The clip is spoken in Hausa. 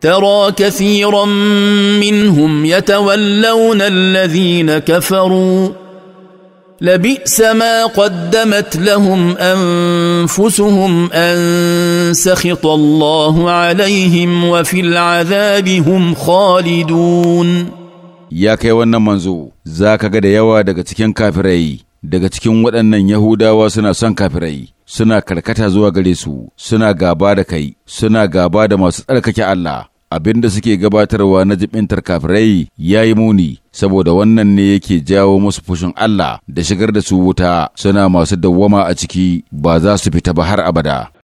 ترى كثيرا منهم يتولون الذين كفروا لبئس ما قدمت لهم انفسهم ان سخط الله عليهم وفي العذاب هم خالدون يا كي منزو زاكا قد ga da كافرين daga cikin waɗannan Yahudawa suna son kafirai, suna karkata zuwa gare su, suna gaba da kai, suna gaba da masu tsarkake Allah. Abin da suke gabatarwa na jibintar kafirai ya yi muni, saboda wannan ne yake jawo musu fushin Allah da shigar da su wuta suna masu dawwama a ciki ba za su fita ba har abada.